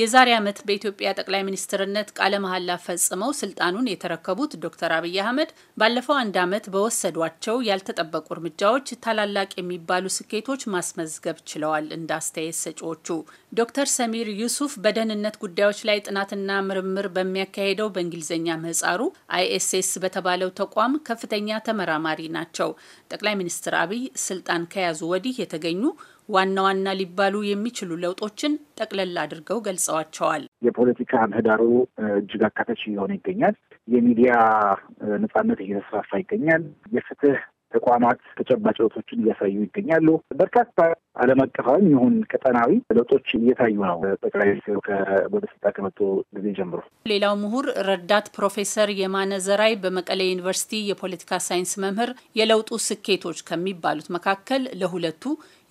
የዛሬ ዓመት በኢትዮጵያ ጠቅላይ ሚኒስትርነት ቃለ መሐላ ፈጽመው ስልጣኑን የተረከቡት ዶክተር አብይ አህመድ ባለፈው አንድ ዓመት በወሰዷቸው ያልተጠበቁ እርምጃዎች ታላላቅ የሚባሉ ስኬቶች ማስመዝገብ ችለዋል። እንደ አስተያየት ሰጪዎቹ ዶክተር ሰሚር ዩሱፍ በደህንነት ጉዳዮች ላይ ጥናትና ምርምር በሚያካሄደው በእንግሊዝኛ ምህጻሩ አይኤስኤስ በተባለው ተቋም ከፍተኛ ተመራማሪ ናቸው። ጠቅላይ ሚኒስትር አብይ ስልጣን ከያዙ ወዲህ የተገኙ ዋና ዋና ሊባሉ የሚችሉ ለውጦችን ጠቅለል አድርገው ገልጸዋቸዋል። የፖለቲካ ምህዳሩ እጅግ አካታች እየሆነ ይገኛል። የሚዲያ ነጻነት እየተስፋፋ ይገኛል። የፍትህ ተቋማት ተጨባጭ ለውጦችን እያሳዩ ይገኛሉ። በርካታ ዓለም አቀፋዊም ይሁን ቀጠናዊ ለውጦች እየታዩ ነው። ጠቅላይ ሚኒስትሩ ወደ ስልጣን ከመጡ ጊዜ ጀምሮ። ሌላው ምሁር ረዳት ፕሮፌሰር የማነ ዘራይ በመቀሌ ዩኒቨርሲቲ የፖለቲካ ሳይንስ መምህር የለውጡ ስኬቶች ከሚባሉት መካከል ለሁለቱ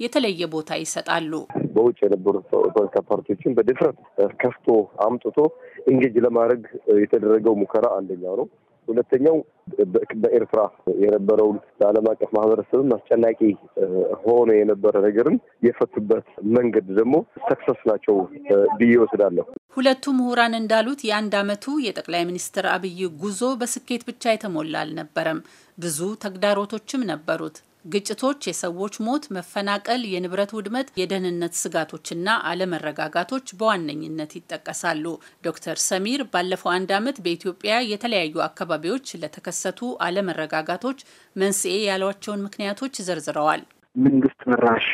የተለየ ቦታ ይሰጣሉ። በውጭ የነበሩ ፖለቲካ ፓርቲዎችን በድፍረት ከፍቶ አምጥቶ እንግጅ ለማድረግ የተደረገው ሙከራ አንደኛው ነው። ሁለተኛው በኤርትራ የነበረውን ለዓለም አቀፍ ማህበረሰብም አስጨናቂ ሆኖ የነበረ ነገርን የፈቱበት መንገድ ደግሞ ሰክሰስ ናቸው ብዬ ወስዳለሁ። ሁለቱ ምሁራን እንዳሉት የአንድ ዓመቱ የጠቅላይ ሚኒስትር አብይ ጉዞ በስኬት ብቻ የተሞላ አልነበረም። ብዙ ተግዳሮቶችም ነበሩት። ግጭቶች፣ የሰዎች ሞት፣ መፈናቀል፣ የንብረት ውድመት፣ የደህንነት ስጋቶችና አለመረጋጋቶች በዋነኝነት ይጠቀሳሉ። ዶክተር ሰሚር ባለፈው አንድ ዓመት በኢትዮጵያ የተለያዩ አካባቢዎች ለተከሰቱ አለመረጋጋቶች መንስኤ ያሏቸውን ምክንያቶች ዘርዝረዋል። መንግስት መራሽ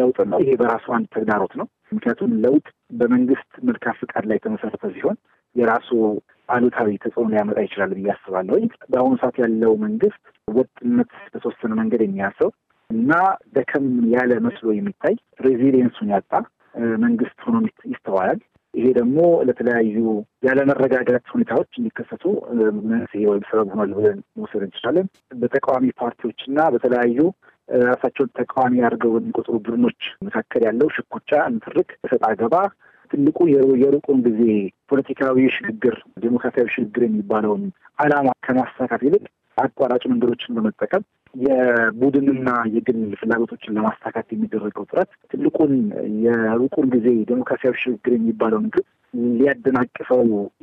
ለውጥ ነው። ይሄ በራሱ አንድ ተግዳሮት ነው። ምክንያቱም ለውጥ በመንግስት መልካም ፍቃድ ላይ የተመሰረተ ሲሆን የራሱ አሉታዊ ተጽዕኖ ሊያመጣ ይችላል ብዬ አስባለሁ። በአሁኑ ሰዓት ያለው መንግስት ወጥነት በተወሰነ መንገድ የሚያሰው እና ደከም ያለ መስሎ የሚታይ ሬዚሊየንሱን ያጣ መንግስት ሆኖ ይስተዋላል። ይሄ ደግሞ ለተለያዩ ያለመረጋጋት ሁኔታዎች እንዲከሰቱ መንስኤ ወይም ሰበብ ሆኗል ብለን መውሰድ እንችላለን። በተቃዋሚ ፓርቲዎች እና በተለያዩ ራሳቸውን ተቃዋሚ አድርገው የሚቆጥሩ ቡድኖች መካከል ያለው ሽኩቻ፣ ንትርክ፣ እሰጥ አገባ ትልቁ የሩቁን ጊዜ ፖለቲካዊ ሽግግር፣ ዴሞክራሲያዊ ሽግግር የሚባለውን ዓላማ ከማሳካት ይልቅ አቋራጭ መንገዶችን በመጠቀም የቡድንና የግል ፍላጎቶችን ለማሳካት የሚደረገው ጥረት ትልቁን የሩቁን ጊዜ ዴሞክራሲያዊ ሽግግር የሚባለውን ግ ሊያደናቅፈው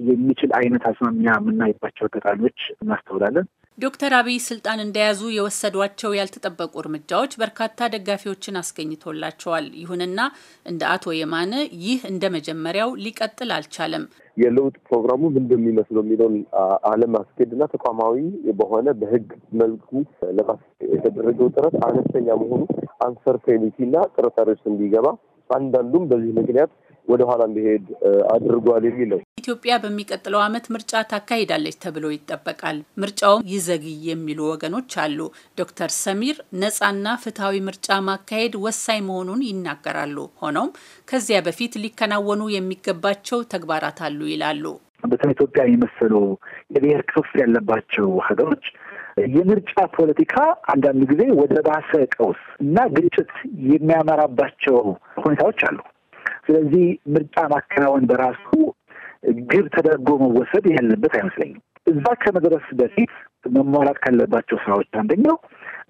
የሚችል አይነት አዝማሚያ የምናይባቸው አጋጣሚዎች እናስተውላለን። ዶክተር አብይ ስልጣን እንደያዙ የወሰዷቸው ያልተጠበቁ እርምጃዎች በርካታ ደጋፊዎችን አስገኝቶላቸዋል። ይሁንና እንደ አቶ የማነ ይህ እንደ መጀመሪያው ሊቀጥል አልቻለም። የለውጥ ፕሮግራሙ ምን እንደሚመስለው የሚለውን አለማስኬድና ተቋማዊ በሆነ በህግ መልኩ ለማስ የተደረገው ጥረት አነስተኛ መሆኑ አንሰርቴኒቲና ጥርጣሬዎች እንዲገባ አንዳንዱም በዚህ ምክንያት ወደኋላ እንዲሄድ አድርጓል የሚለው ኢትዮጵያ በሚቀጥለው ዓመት ምርጫ ታካሂዳለች ተብሎ ይጠበቃል። ምርጫውም ይዘግይ የሚሉ ወገኖች አሉ። ዶክተር ሰሚር ነፃና ፍትሐዊ ምርጫ ማካሄድ ወሳኝ መሆኑን ይናገራሉ። ሆኖም ከዚያ በፊት ሊከናወኑ የሚገባቸው ተግባራት አሉ ይላሉ። በተለይ ኢትዮጵያ የመሰሉ የብሔር ክፍፍል ያለባቸው ሀገሮች የምርጫ ፖለቲካ አንዳንድ ጊዜ ወደ ባሰ ቀውስ እና ግጭት የሚያመራባቸው ሁኔታዎች አሉ። ስለዚህ ምርጫ ማከናወን በራሱ ግብ ተደርጎ መወሰድ ያለበት አይመስለኝም። እዛ ከመድረስ በፊት መሟላት ካለባቸው ስራዎች አንደኛው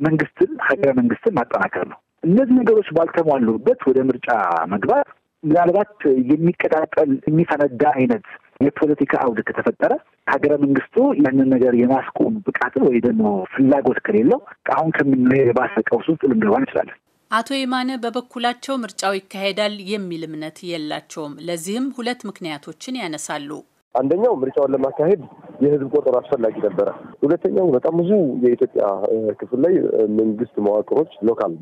መንግስትን፣ ሀገረ መንግስትን ማጠናከር ነው። እነዚህ ነገሮች ባልተሟሉበት ወደ ምርጫ መግባት ምናልባት የሚቀጣጠል የሚፈነዳ አይነት የፖለቲካ አውድ ከተፈጠረ ሀገረ መንግስቱ ያንን ነገር የማስቆም ብቃትን ወይ ደግሞ ፍላጎት ከሌለው አሁን ከምናየው የባሰ ቀውስ ውስጥ ልንገባ እንችላለን። አቶ የማነ በበኩላቸው ምርጫው ይካሄዳል የሚል እምነት የላቸውም። ለዚህም ሁለት ምክንያቶችን ያነሳሉ። አንደኛው ምርጫውን ለማካሄድ የህዝብ ቆጠራ አስፈላጊ ነበረ። ሁለተኛው በጣም ብዙ የኢትዮጵያ ክፍል ላይ መንግስት መዋቅሮች፣ ሎካል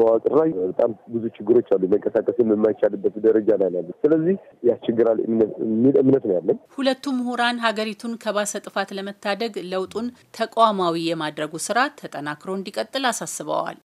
መዋቅር ላይ በጣም ብዙ ችግሮች አሉ። መንቀሳቀስ የማይቻልበት ደረጃ ላይ ያለ፣ ስለዚህ ያስቸግራል የሚል እምነት ነው ያለን። ሁለቱ ምሁራን ሀገሪቱን ከባሰ ጥፋት ለመታደግ ለውጡን ተቋማዊ የማድረጉ ስራ ተጠናክሮ እንዲቀጥል አሳስበዋል።